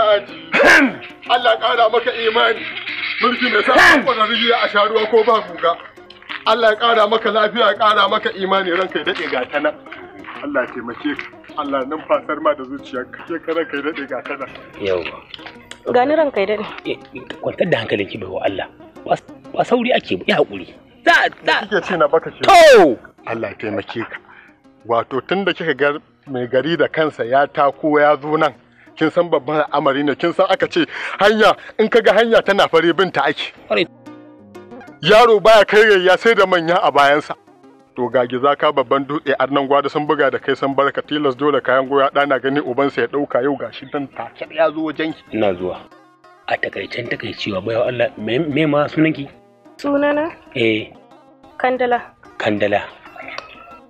sa'adi Allah ƙara maka imani mulki mai sa ƙwararri a sha ko ba guga Allah ƙara maka lafiya ƙara maka imani ranka ya daɗe ga tana. Allah ya taimake ka Allah nan fasar ma da zuciyarka ke ka ranka ya daɗe ga tana. nan yawa gani ranka ya daɗe eh, kwantar da hankalin ki bai wa Allah ba sauri ake ya haƙuri da da kike ce na baka ce Allah ya taimake ka wato tunda kika ga mai gari da kansa ya tako ya zo nan kin san babban al'amari ne kin san aka ce hanya in ka ga hanya tana fare bin ta ake yaro baya kai gayya sai da manya a bayansa to gagi za ka babban dutse arnan gwada sun buga da kai san barka tilas dole kayan goya dana gani ubansa ya dauka yau gashi dan take ya zo wajen ki ina zuwa a takaicen takaicewa bayan Allah me ma sunanki sunana eh kandala kandala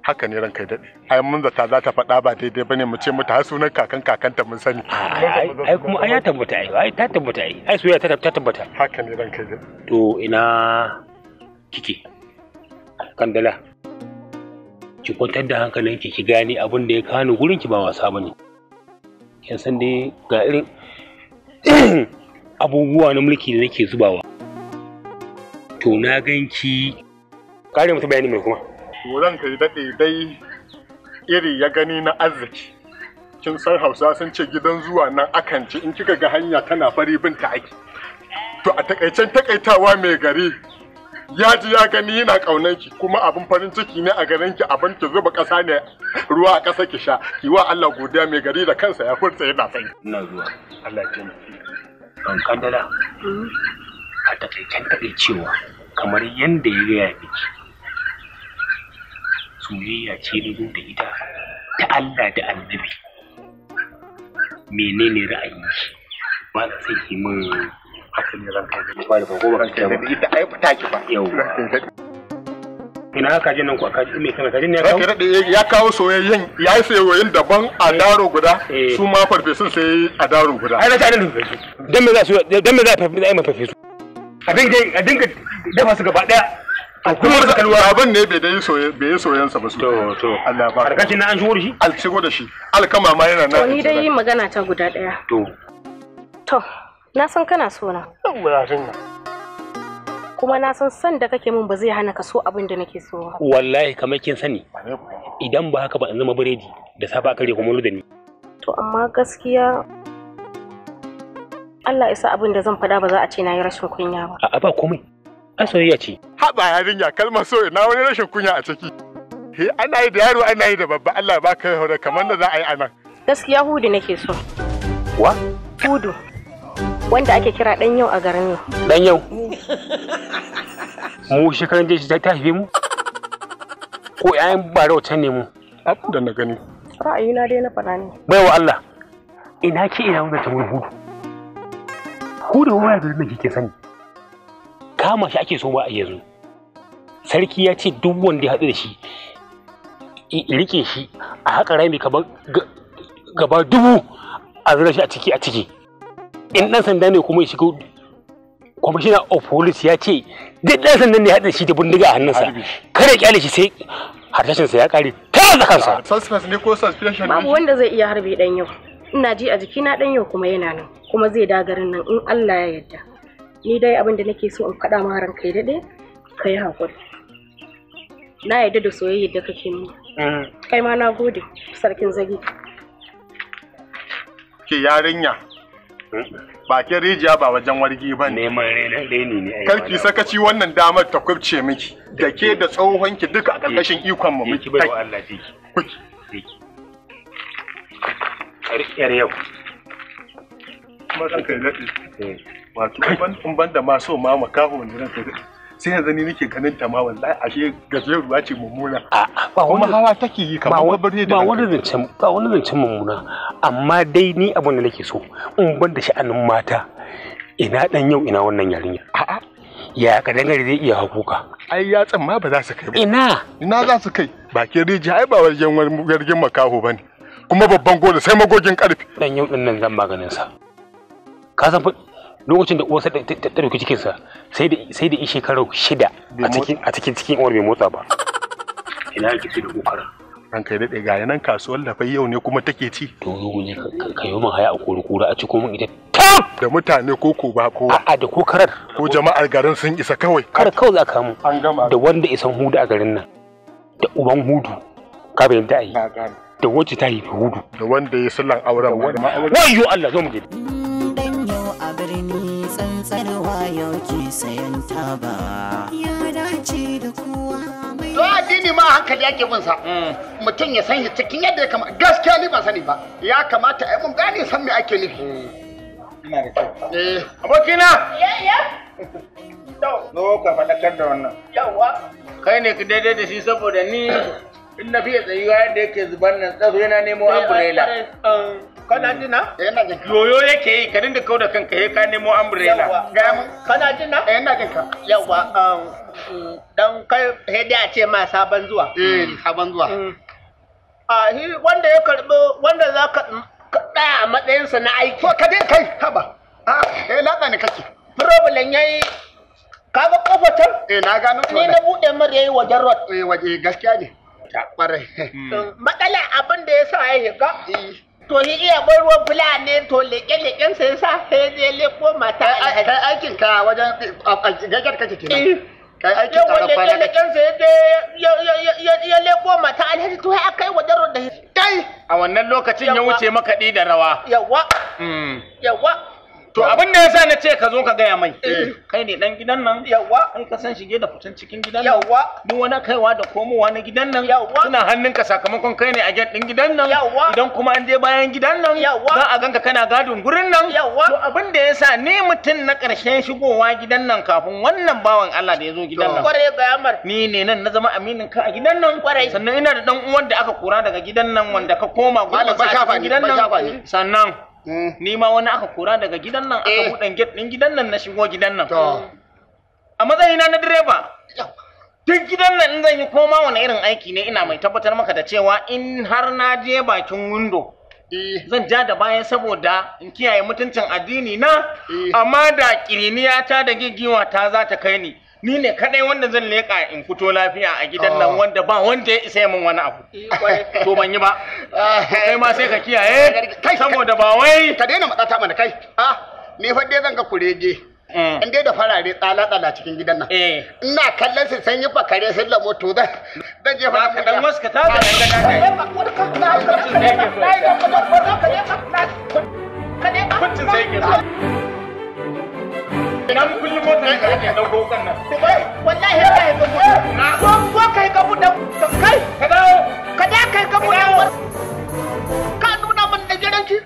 haka ne ranka daɗe ai mun zata za ta faɗa ba daidai bane mu ce mata har sunan kakan kakanta mun sani ai kuma ai ya tabbata ai ai ta tabbata ai ai soyayya ta ta tabbata haka ne ranka daɗe to ina kike kandala ki kwantar da hankalin ki gane abin da ya kano gurin ki ba wasa bane kin san dai ga irin abubuwa na mulki da nake zubawa to na ganki kare mutu bayani mai kuma turan ka daɗe dai iri ya gani na arziki kin san hausa sun ce gidan zuwa nan akan ci in kika ga hanya tana fari bin ta ake to a takaicen takaitawa mai gari ya ji ya gani yana ƙaunar ki kuma abin farin ciki ne a garin ki abin ki zuba ƙasa ne ruwa a ƙasa ki sha ki wa Allah godiya mai gari da kansa ya furta yana sai ina zuwa Allah ya kan kaddara mm-hmm. a takaicen takaicewa kamar yanda ya ga ya miki soyayya ce na zo da ita ta Allah da annabi menene ra'ayi shi ba na son ki mun haka ne ranka da ba da gogo gobe ka ba ita ai fita ki ba yau ina ka ji nan kwa ka ji me kana ka ji ne ya kawo eh, ya kawo soyayyen ya yi soyayyen daban a eh. daro guda eh. su ma farfesun sai a daro guda ai na ta nan dan me za su dan me za farfesu ai ma farfesu a dinga a dinga dafa su gaba daya kuma da kalwa abin ne bai dai soye bai soyen sa ba su to to Allah ba na an shigo shi al shigo da shi alkama ma yana nan to ni dai magana ta guda daya to to na san kana so na na kuma na san san da kake min ba zai hana ka so abin da nake so wallahi kamar kin sani idan ba haka ba in zama biredi da safa kare kuma da ni to amma gaskiya Allah isa abin da zan faɗa ba za a ce na yi rashin kunya ba a'a ba komai a soyayya ce haɓa yarinya kalmar so na wani rashin kunya a ciki he ana yi da yaro ana yi da babba Allah ya kai haure kamar da za a yi nan. gaskiya hudu nake so wa hudu wanda ake kira dan yau a garin yau dan yau mu shekaran da ta haife mu ko ƴaƴan bara wata ne mu abin da na gani ra'ayina dai na faɗa ne baiwa Allah ina ki ina wanda ta hudu hudu hudu wani da ke sani kama shi ake so ba a yanzu sarki ya ce duk wanda ya haɗu da shi rike shi a haƙa rami gaba dubu a zura shi a ciki a ciki in ɗan sanda ne kuma ya shiga kwamishina of police ya ce duk ɗan sandan ne ya da shi da bindiga a hannunsa kada kyale shi sai harshashinsa ya ƙare ta da kansa suspense ne ko suspension babu wanda zai iya harbe dan yau ina ji a jikina dan yau kuma yana nan kuma zai dagarin nan in Allah ya yarda ni dai abin da nake so in faɗa ma ran kai daɗe ka yi haƙuri na yadda da soyayya da kake mu mm. kai ma na gode sarkin zagi ke yarinya Ba ke rijiya ba wajen wargi ba ne karki sakaci wannan damar ta kubce miki da ke da tsohon ki duka a ƙarƙashin ikon mu miki bai Allah yau wato in ban da ma ma makaho wanda ran sai yanzu ni nake ganin ta ma wallahi ashe gaje ruwa ce mummuna ba kuma hawa take yi kamar ba bare da ba wani zancen ba wani zancen mummuna amma dai ni abin da nake so in ban da sha'anin mata ina dan yau ina wannan yarinya a'a ya ka dangare zai iya hakuka ai ya tsamma ba za su kai ba ina ina za su kai bakin rijiya ai ba wajen wargin makaho ba ne. kuma babban gole sai magogin karfi dan yau din nan zan maganin sa ka san lokacin da uwarsa ta dauki cikinsa sai da sai da shekaru shida a cikin a cikin cikin uwar bai motsa ba ina yake sai da kokarin ran kai daɗe ga nan kasuwar da yau ne kuma take ci to zo ne ka yi min haya a kura a ciko mun ita da mutane ko ko ba kowa a'a da ko karar ko jama'ar garin sun isa kawai kar kawai za ka mu da wanda isan hudu a garin nan da uban hudu ka bayan da yi. da wacce ta yi hudu da wanda ya sallan auren Wa yo Allah zo mu gidi tsarwa yau ke sayan taba. Ya dace da kowa mai. To addini ma hankali yake bin sa. Mm. Mutum ya san shi cikin yadda ya kamata. Gaskiya ni ban sani ba. Ya kamata yi mun gane san me ake nufi. Mm. Ina da kyau. Eh, abokina. Ya ya. no ka faɗakar da wannan. Yawa. Kai ne ki daidai da shi saboda ni in na tsayi wa yadda yake zuban nan tsaso yana nemo umbrella um, kana jina eh, yana jin yoyo yake yi ka dinga da kanka he ka nemo umbrella ga mu kana jina eh, yana jin ka yawa um, mm, dan kai he a ce ma sabon zuwa eh sabon zuwa mm. a hi wanda ya karbo wanda za ka daya a matsayinsa na aiki ko ka dai kai haba eh latsa ne kake problem yayi kaga kofatar eh na gano ni na bude mar yayi wajen rot eh waje gaskiya ne ta ƙwarai hmm. matsalar abin da ya sa ya shiga to shi iya ɓarwo fulani to leƙe-leƙen sai sa sai zai mata kai aikin ka wajen gajar kake eh. kai aikin ka leƙen sai ya leko mata alhaji to ya kai wajen da kai a wannan lokacin ya wuce makaɗi da rawa yawa hmm. yawa To abin da yasa na ce ka zo ka gaya mai. Eh. Kai ne dan gidan nan yawwa An ka san shige da fitan cikin gidan nan. Yawwa Mu wani kaiwa da komowa na gidan nan. Yawwa suna hannunka sakamakon kai ne a gidan gidan nan. Yawwa idan kuma an je bayan gidan nan. Yawwa za a ganka kana gadon gurin nan. Yawwa to abin da yasa ni mutum na ƙarshen shigowa gidan nan kafin wannan bawan Allah da ya zo gidan nan. Kware yamar. Ni ne nan na zama aminin ka a gidan nan. Kwarai. Sannan ina da dan uwan da aka kura daga gidan nan wanda ka koma gurin sa gidan nan. Sannan Hmm. ni ma wani aka kura daga gidan nan aka eh. buɗe gate ɗin gidan nan na shigo gidan nan a matsayina na direba duk gidan nan in zan yi koma wani irin aiki ne ina mai tabbatar maka da cewa in har na je bakin windo eh. zan ja da bayan saboda in kiyaye mutuncin addini na eh. amma da kiriniya ta da gigiwa ta za ta kai ni ni ne kadai wanda zan leƙa in fito lafiya a gidan nan wanda ba wanda ya isa min wani abu to ban yi ba kai ma sai ka kiyaye Kai! saboda ba wai ka daina matsata mana kai a ni fa dai zan ga kurege in dai da farare tsala tsala cikin gidan nan ina kallon su sanyi fakare kare sun lamo to zan je fara dan waska ta da nan ga nan kuncin sai ke so ke so Ina mu kullum mota ya kare ya dauko kan nan. wallahi ya kai ka Ko ko kai ka kai. Ka dawo. Ka da kai ka Ka nuna da gidanki.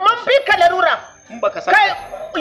Mun bi ka larura. Mun baka san.